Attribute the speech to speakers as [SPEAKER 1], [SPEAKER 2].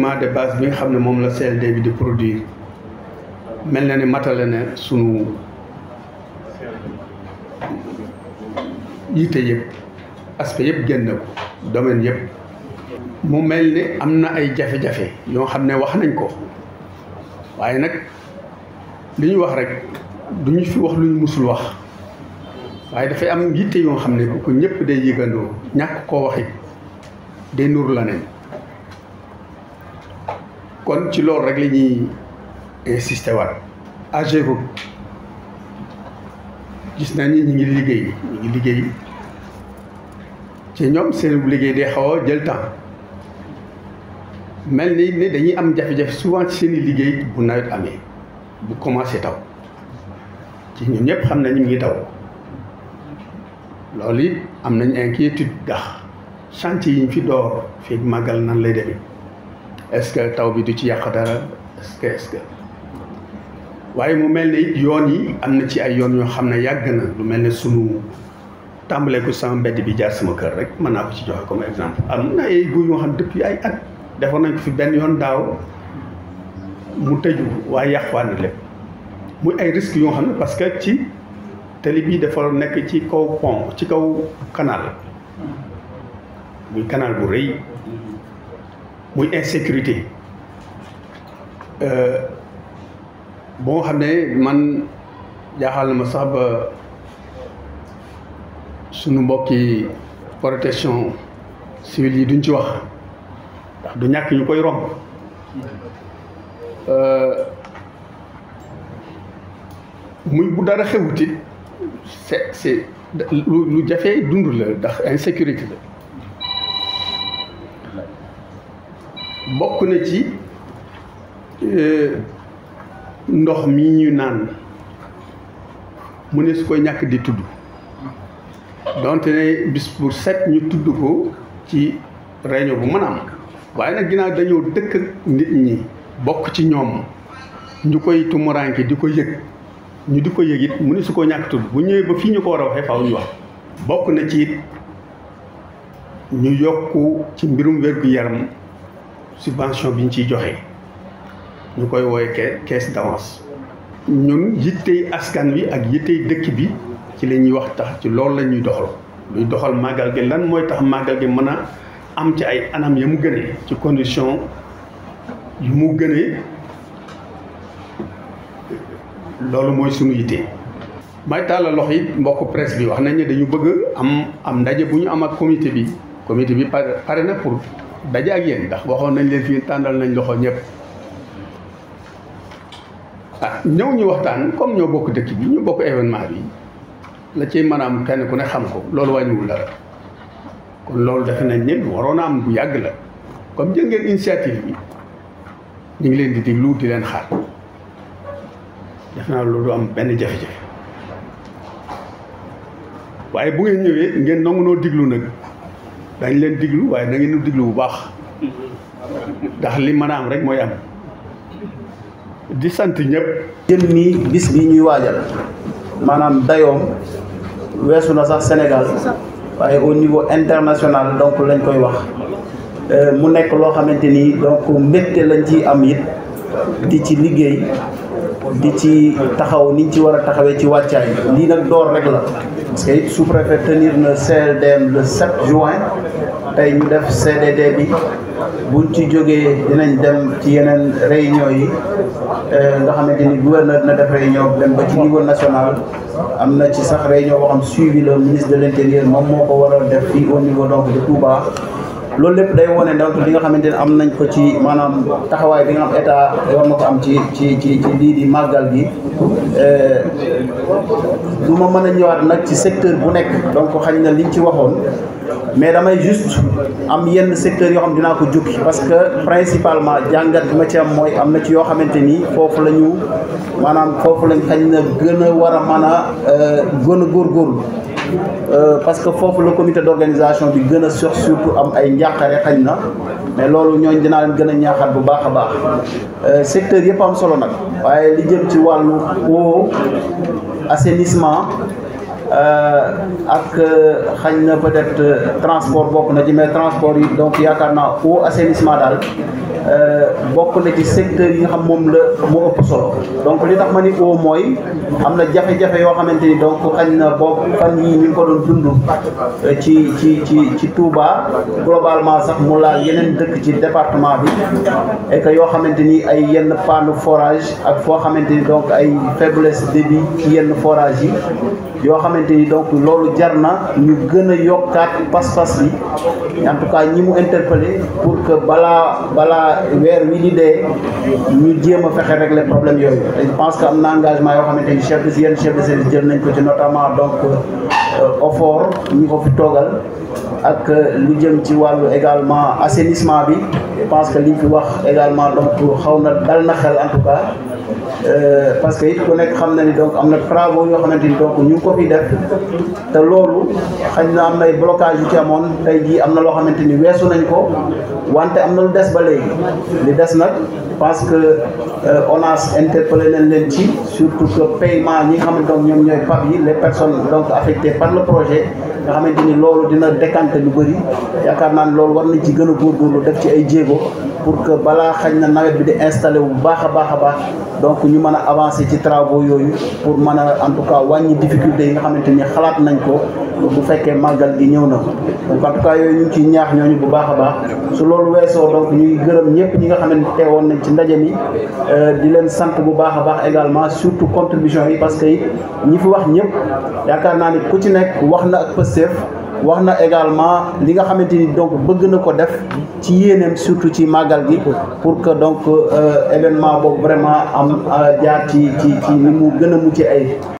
[SPEAKER 1] équipement de base bi nga xam ne moom la CLD bi de produire mel na ne matale ne sunu yitte yëpp aspect yëpp génn ko domaine yëpp mu mel ni am na ay jafe-jafe yoo xam ne wax nañ ko waaye nag lu ñu wax rek du ñu fi wax lu ñu musul wax waaye dafay am yitte yoo xam ne bu ko ñëpp day yëgandoo ñàkk koo waxit day nur la ne kon ci loolu rek la ñuy insister waat gis naa ni ñu ngi liggéey ñu ngi liggéey ci ñoom bu liggéey de xaw a jël temps mel ni ne dañuy am jafe-jafe souvent ci seen i liggéey bu nawet amee bu commencé taw ci ñu ñëpp xam nañu ngi taw loolu it am nañu inquiétude ndax chantier yi ñu fi door fii màggal nan lay demee. est taw bi du ci yàq dara est-ce waaye mu mel ni yoon yi am na ci ay yoon yoo xam ne yàgg na lu mel ne sunu tàmbaleeku ko sama mbedd bi jaar sama kër rek mën naa ko ci joxe comme exemple am na ay guy yoo xam ne depuis ay at defoon nañ ko fi benn yoon daaw mu tëju waaye yàquwaat na lépp muy ay risques yoo xam ne parce que ci tali bi dafa nekk ci kaw pont ci kaw canal muy canal bu rëy muy insécurité euh, boo nga xam ne man jaaxal na ma sax ba sunu mbokki protection civile yi duñ ci wax ndax du ñàkk ñu koy romb euh, muy bu dara xewuti c'est c'est lu lu jafee dund la ndax insécurité la bokk na ci euh, ndox mi ñu naan mu ne su ko ñàkk di tudd donte ne bis bu set ñu tudd ko ci réunion bu mën a am waaye nag ginnaaw dañoo dëkk ak ñi bokk ci ñoom ñu koy tumuraanke di ko yëg ñu di ko yëg it mu ne su ko ñàkk tudd bu ñëwee ba fii ñu ko war a waxee faaw ñu wax bokk na ci it ñu yokk ci mbirum wér-gu-yaram subvention bi ñu ciy joxe ñu koy wooye caisse d'avance ñun yittey askan wi ak yittey dëkk bi ci la ñuy wax tax ci loolu la ñuy doxal luy doxal màggal gi lan mooy tax màggal gi mën a am ci ay anam ya mu gënee ci condition yu mu gënee loolu mooy suñu yittee may tàllal loxo yi mbokk presse bi wax nañ ne dañu bëgg am am ndaje bu ñu am ak comité bi comité bi pare pare na pour daje ak yéen ndax waxoon nañ leen fii tàndal nañ loxo ñëpp ah ñëw ñu waxtaan comme ñoo bokk dëkk bi ñu bokk événement bi la ci maanaam kenn ku ne xam ko loolu wàññiwul dara kon loolu defe nañ ne waroon a am bu yàgg la comme jël ngeen initiative bi ñu ngi leen di déglu di leen xaar def naa loolu du am benn jafe-jafe waaye bu ngeen ñëwee ngeen nangu noo diglu nag. dañ leen diglu waaye na ngeen diglu bu baax
[SPEAKER 2] ndax li manaam rek mooy am di sant ñëpp. jëm nii bis bi ñuy waajal maanaam dayoom weesu na sax Sénégal waaye au niveau international donc lañ koy wax euh, mu nekk loo xamante ni donc mbégte lañ ci am it di ci liggéey. di ci taxaw niñ ci war a taxawee ci wàccaay lii nag door rek la parce que it sous-préfet tenir na CLDM le 7 juin tey ñu def CDD bi buñ ci jógee dinañ dem ci yeneen réunion yi euh, nga xamante ni gouverneur na def réunion dem ba ci niveau national am na ci sax réunion boo xam suivi le ministre de l'intérieur moom moo ko waral def fii au niveau donc de Touba loolu lépp day wone donc li nga xamante ne am nañ ko ci maanaam taxawaay bi nga xam état war na ko am ci ci ci ci lii di margal gi euh, du ma mën a ñëwaat nag ci secteur bu nekk donc xañ na liñ ci waxoon mais damay juste am yenn secteur yoo xam dinaa ko jukki parce que principalement jàngat bi ma ci am mooy am na ci yoo xamante ni foofu la ñu maanaam foofu lañ xañ na gën a war a mën a euh, gën a góorgóorlu Euh, parce que foofu la comité d'organisation bi gën a sox surtout am ay njàqare xañ na mais loolu ñooñ dinaa leen gën a ñaaxaat bu baax a baax euh, secteur yëpp am solo nag waaye li jëm ci wàllu eau assainissement euh, ak xañ na peut-être transport bokk na ci mais transport yi donc yaakaar naa eau assainissement daal Euh, bokk na ci secteur yi nga xam moom la moo ëpp solo donc li tax ma ni oo mooy am na jafe-jafe yoo xamante ni donc xañ na boobu fan yii ñu ngi ko doon dund euh, ci ci ci ci Touba globalement sax mu laal yeneen dëkk ci département bi et que yoo xamante ni ay yenn panne forage ak foo xamante ni donc ay faiblesse débit ci yenn forage yi yoo xamante ni donc loolu jar na ñu gën a yokkaat pas-pas yi en tout cas ñi mu interpellé pour que balaa balaa weer wi di dee ñu jéem a fexe régler problème yooyu je pense que am na engagement yoo xamante ni chef de yenn chef de service jël nañ ko ci notamment donc euh, OFOR ñi ko fi toogal ak euh, lu jëm ci wàllu également assainissement bi je pense que liñ fi wax également donc xaw na dal na xel en tout cas Euh, parce que it ku nekk xam na ni donc am na travaux yoo xamante ni donc ñu ko fi def te loolu xañ na am nay blocage yu ci amoon tey jii am na loo xamante ni weesu nañ ko wante am na lu des ba léegi li des nag parce que euh, ONAS interpellé nañ leen ci surtout que paiement ñi nga xam ne donc ñoom ñooy PAP yi les personnes donc affectées par le projet nga xamante ni loolu dina décanté lu bëri yaakaar naa ne loolu war nañ ci gën a lu def ci ay jéego pour que balaa xañ na nawet bi di installé wu bu baax a baax a baax donc ñu mën a avancer ci travaux yooyu pour mën a en tout cas wàññi difficulté yi nga xamante ni xalaat nañ ko bu fekkee màggal gi ñëw na donc en yooyu ñu ngi ciy ñaax ñooñu bu baax a baax su loolu weesoo donc ñuy gërëm ñëpp ñi nga xamante ne teewoon nañ ci ndaje mi euh, di leen sant bu baax a baax également surtout contribution yi parce que ñi fi wax ñëpp yaakaar naa ni ku ci nekk wax na ak Pastef wax na également li nga xamante ni donc bëgg na ko def ci yéeneem surtout ci màggal gi pour que donc euh, événement boobu vraiment am euh, jaar ci ci ci ni mu gën a mucc ay